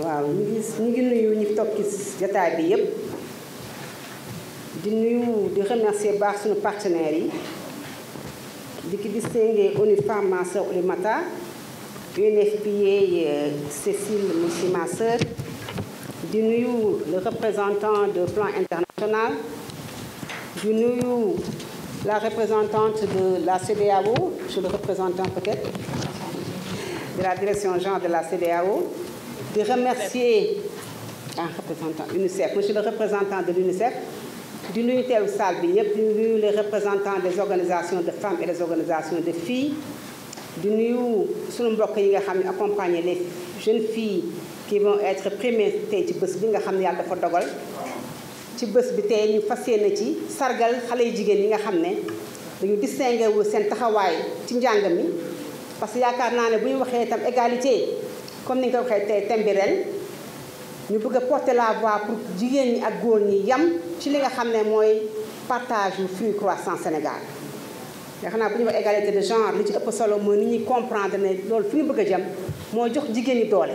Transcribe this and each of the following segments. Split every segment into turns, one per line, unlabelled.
waaw ñu ngi ñu ngi nuyu ñu toog ci jataay bi yépp di nuyu di remercier baax suñu partenaires yi di ki distingué ONU Femmes ma sœur une UNFPA euh, Cécile Moussi ma sœur di nuyu le représentant de Plan International di nuyu la représentante de la CDAO je le représentant peut-être de la direction genre de la CDAO de remercier un ah, représentant UNICEF, monsieur le représentant de l'UNICEF, du nuyu au salle bi ñëpp di les représentants des organisations de femmes et des organisations de filles di nuyu suñu mbokk yi nga accompagner les jeunes filles qui vont être primées tey ci bés bi nga xam ne yàlla dogal ci bés bi tey ñu fas yéene ci sargal xale yu jigéen yi nga xam ne dañu distingué wu seen taxawaay ci njàng parce que yaakaar a ne bu ñu waxee égalité comme ni nga ko waxee tembirel ñu bëgg porter la voix pour jigen ñi ak góor ñi yam ci li nga xamné moy partage yu fruit croissant Sénégal. ya xana naa bu ñu wax égalité de genre li ci ëpp solo mo ni ñi comprendre né lool fi ñu bëgg jëm moo jox jigen ñi doolé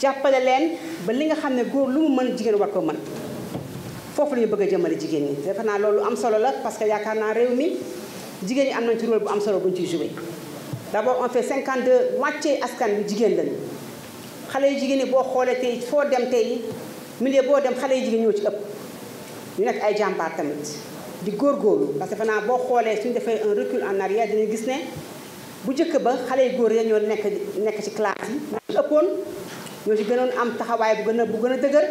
jàppale leen ba li nga xamné ne lu mu mëna jigen war ko mën. foofu la ñu bëgg a jëmale jigéen ñi defe loolu am solo la parce que yaakaar naa réew mi jigen ñi am nañ ci rôle bu am solo buñ ci ciy d'abord on fait de wàccee askan bi jigéen lañu xale yi jigéen ñi boo xoolee tey foo dem tey milieu boo dem xale yi jigéen ñoo ci ëpp ñu nekk ay jàmbaar tamit di góor góorgóorlu parce que fanaa boo xoolee suñu defee un recul en arrière dinañ gis ne bu njëkk ba xale yu góor ya ñoo nekk nekk ci classe yi ñoo ci ëppoon ñoo ci gënoon am taxawaay bu gën a bu gën a dëgër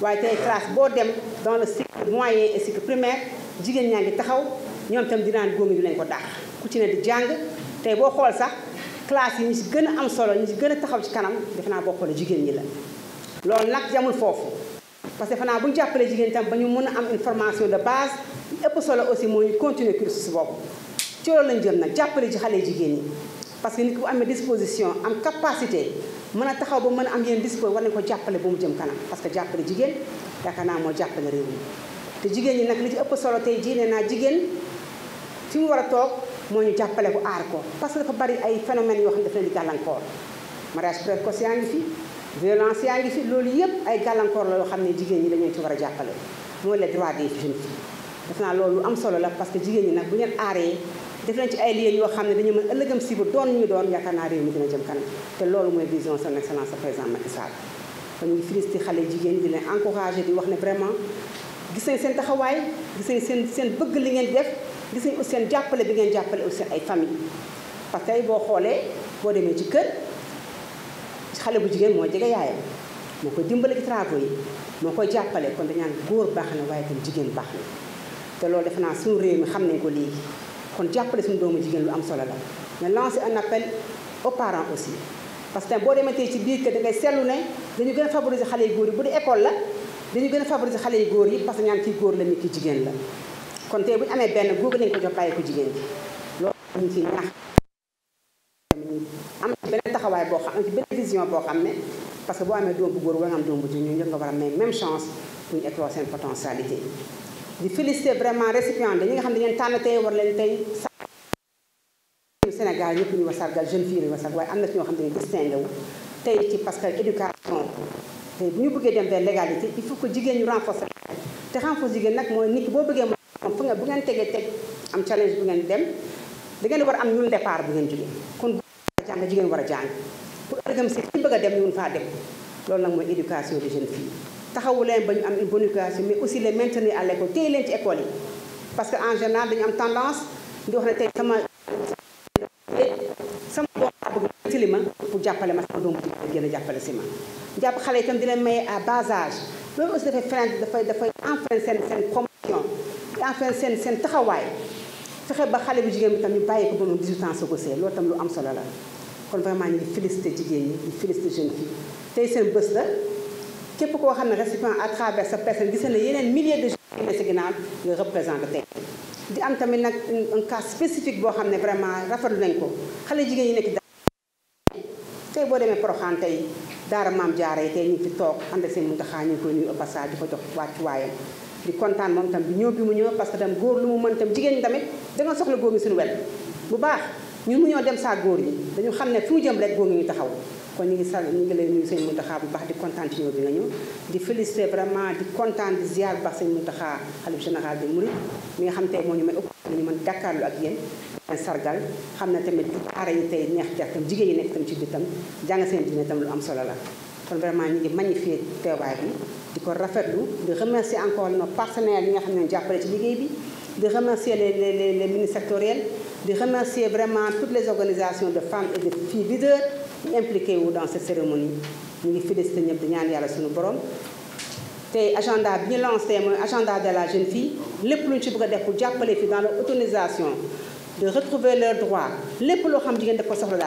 waaye tey classe boo dem dans le cycle moyen et cycle primaire jigéen ñaa ngi taxaw ñoom tam dinaan góor ñu lañ ko dàq ku ci di jàng tey boo xool sax classe yi ñu si gën a am solo ñu si gën a taxaw ci kanam defe naa boo xool jigéen ñi la. loolu nag yamul foofu parce que defe bu ñu jàppalee jigéen tam ba ñu mun a am une formation de base ëpp solo aussi moo ñu continuer cursus boobu ci loolu lañ jëm nag jàppale ci xale jigéen ñi. parce que nit ku amee disposition am capacité mën a taxaw ba mën a am yenn disposition war nañ ko jàppale ba mu jëm kanam parce que jàppale jigéen yaakaar naa moo jàppale réew mi te jigéen ñi nag li ci ëpp solo tey jii naa jigéen fi mu war a toog. moo ñu jàppale ko aar ko parce que dafa bari ay phénomènes yoo xam ne daf leen di gàllankoor mariage précoce yaa ngi fi violence yaa ngi fi loolu yëpp ay gàllankoor la yoo xam ne jigéen ñi dañu ci war a jàppale mooy les droits des jeunes filles def naa loolu am solo la parce que jigéen ñi nag bu ngeen aaree def ne ci ay liggéey yoo xam ne dañu mën ëllëgam si bu doon ñu doon yaakaar naa réew mi dina jëm kanam te loolu mooy vision son excellence président Macky Sall kon ñu félicité xale jigéen di leen encouragé di wax ne vraiment gis seen taxawaay gis seen seen bëgg li ngeen def gis nañ aussi seen jàppale bi ngeen jàppale aussi ay famille parce que boo xoolee boo demee ci kër xale bu jigéen moo jege yaayam moo koy dimbale ci travaux yi moo koy jàppale kon dañaan góor baax na waaye tam jigéen baax na te loolu def naa suñu réew mi xam nañ ko léegi kon jàppale suñu doomu jigéen lu am solo la mais lancer un appel aux parents aussi parce que boo demee tey ci biir kër da ngay seetlu ne dañu gën a favoriser xale yu góor yi bu dee école la dañu gën a favoriser xale yu góor yi parce que ñaan góor la ni jigéen la kon tey bu ñu amee benn googu nañ ko jox bàyyi ko jigéen bi loolu ñu ci ñaax am ci benn taxawaay boo xam am ci benn vision boo xam ne parce que boo amee doom bu góor nga am doom bu jigéen ñu nga war a may même chance pour ñu éclore seen potentialité di féliciter vraiment récipient ñi nga xam ne dañu tànn tey war leen tey Sénégal ñëpp ñu wasargal jeune fille ñu wasargal waaye am na ci ñoo xam ne distingué wu tey ci parce que éducation tey bu ñu bëggee dem vers l'égalité il faut que jigéen ñu renforcer te renforcer jigéen nag mooy nit ki boo bëggee am fu nga bu ngeen tegee teg am challenge bu ngeen dem da war a am ñun départ bu ngeen jógee kon bu war jàng jigéen war a jàng pour ëllëgam si bëgg a dem ñun faa dem loolu nag mooy éducation des jeunes fii taxawu leen ba ñu am une bonne éducation mais aussi les maintenir à l'école téye leen ci parce que en général dañu am tendance di wax ne tey sama sama doom laa tilima pour jàppale ma sama doom bu gën jàppale si ma jàpp xale itam di leen maye à bas âge loolu aussi dafay frein dafay dafay enfrein seen seen enfin seen seen taxawaay fexe ba xale bu jigéen bi tam ñu bàyyi ko ba mu 18 ans soo ko see loolu tam lu am solo la kon vraiment ñu ngi félicité jigéen ñi ñu félicité jeune fille tey seen bés la képp koo xam ne récipient à travers sa personne gis na yeneen milliers de jeunes yi si ginnaaw nga représenté tey di am tamit nag un cas spécifique boo xam ne vraiment rafetlu nañ ko xale jigéen yi nekk tey boo demee Porokhane tey daara maam jaara yi tey ñu ngi fi toog ànd ak seen muntaxaa ñu ngi koy nuyu au passage di ko jox wàccuwaayam di kontaan moom tam ñëw bi mu ñëw parce que tam góor lu mu mën tam jigéen ñi tamit danga soxla góor ñi suñu wet bu baax ñun mu ñoo dem saa góor ñi dañu xam ne fi mu jëm rek góor ñi ñu taxaw kon ñu ngi sa ñu ngi lay nuyu sëñ Mountakha bu baax di kontaan ci ñëw bi di félicité vraiment di kontaan di ziar bu baax général bi Mouride mi nga xam tey moo ñu may ëpp ñu mën dakkaarlu ak yéen sargal xam na tamit daara yi tey neex ca tam jigéen yi nekk tam ci biir tam jàng seen dina tam lu am solo la kon vraiment ñu ngi magnifier teewaay bi de remercier encore nos partenaires de remercier les ministres sectoriels de remercier vraiment toutes les organisations de femmes et de filles leaders impliquées dans cette cérémonie Nous ngi di agenda bien lancé un agenda de la jeune fille le plus important ci bëgg pour les filles dans l'autonomisation de retrouver leurs droits Les plus xam pour les filles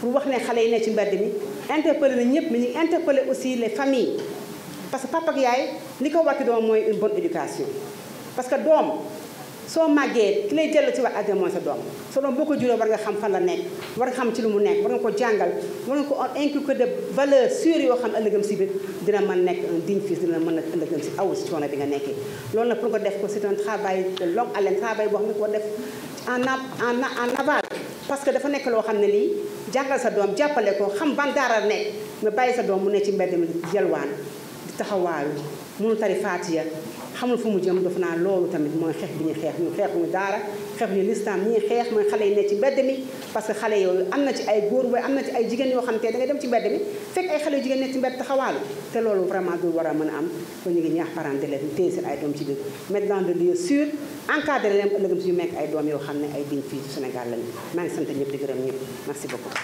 pour wax ne xalé yi ne ci mbedd mi interpeller na ñëpp mais ñu interpeller aussi les familles parce que papa ak yaay li ko watti doom mooy une bonne éducation parce que doom so màggee ki lay jël ci wa àddina mooy sa doom so doom boko ko war nga xam fan la nekk war nga xam ci lu mu nekk war nga ko jangal war nga ko inculquer de valeurs sûre yo xam ëllëgam ci biir dina mën nekk un digne fils dina mëna a ci awu ci si bi nga nekkee loolu nag pour ko def ko c'est un travail de longue haleine travail boo xam ne ko def en en en aval parce que dafa nekk loo xam ne lii jàppal sa doom jàppale ko xam ban daara nekk nga bàyyi sa doom mu ne ci mbedd mi yelwaan di taxawaalu mënu tari faatiya xamul fu mu jëm def naa loolu tamit mooy xeex bi ñu xeex ñu xeexuñu daara xeexuñu lislaam ñi xeex mooy xale yi ne ci mbedd mi parce que xale yooyu am na ci ay góor waaye am na ci ay jigéen yoo xam te da dem ci mbedd mi fekk ay xale yu ne ci mbedd taxawaalu te loolu vraiment du war a mën a am ko ñu ngi ñaax parents d'élèves yi téye seen ay doom ci biir mettre dans le lieu sûr encadré leen ëllëgam suñu yoo xam ne ay diñ fii ci Sénégal lañu maa ngi sant ñëpp di gërëm ñëpp merci beaucoup